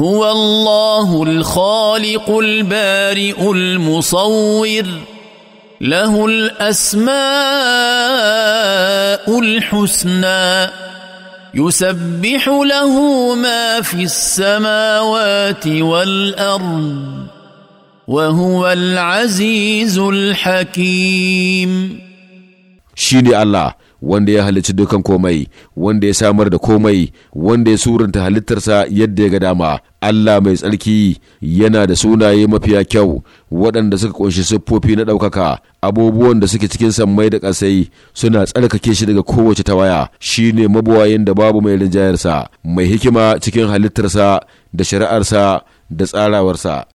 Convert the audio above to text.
هو الله الخالق البارئ المصور له الاسماء الحسنى يسبح له ما في السماوات والارض وهو العزيز الحكيم شيني الله wanda ya halicci dukan komai wanda ya samar da komai wanda ya surunta halittarsa yadda ya ga dama Allah mai tsarki yana da sunaye mafiya kyau waɗanda suka ƙunshi siffofi na ɗaukaka abubuwan da suke cikin sammai da ƙasai suna tsarkake shi daga kowace tawaya shi ne mabuwayin da babu mai rinjayarsa mai hikima cikin halittarsa da shari'arsa da tsarawarsa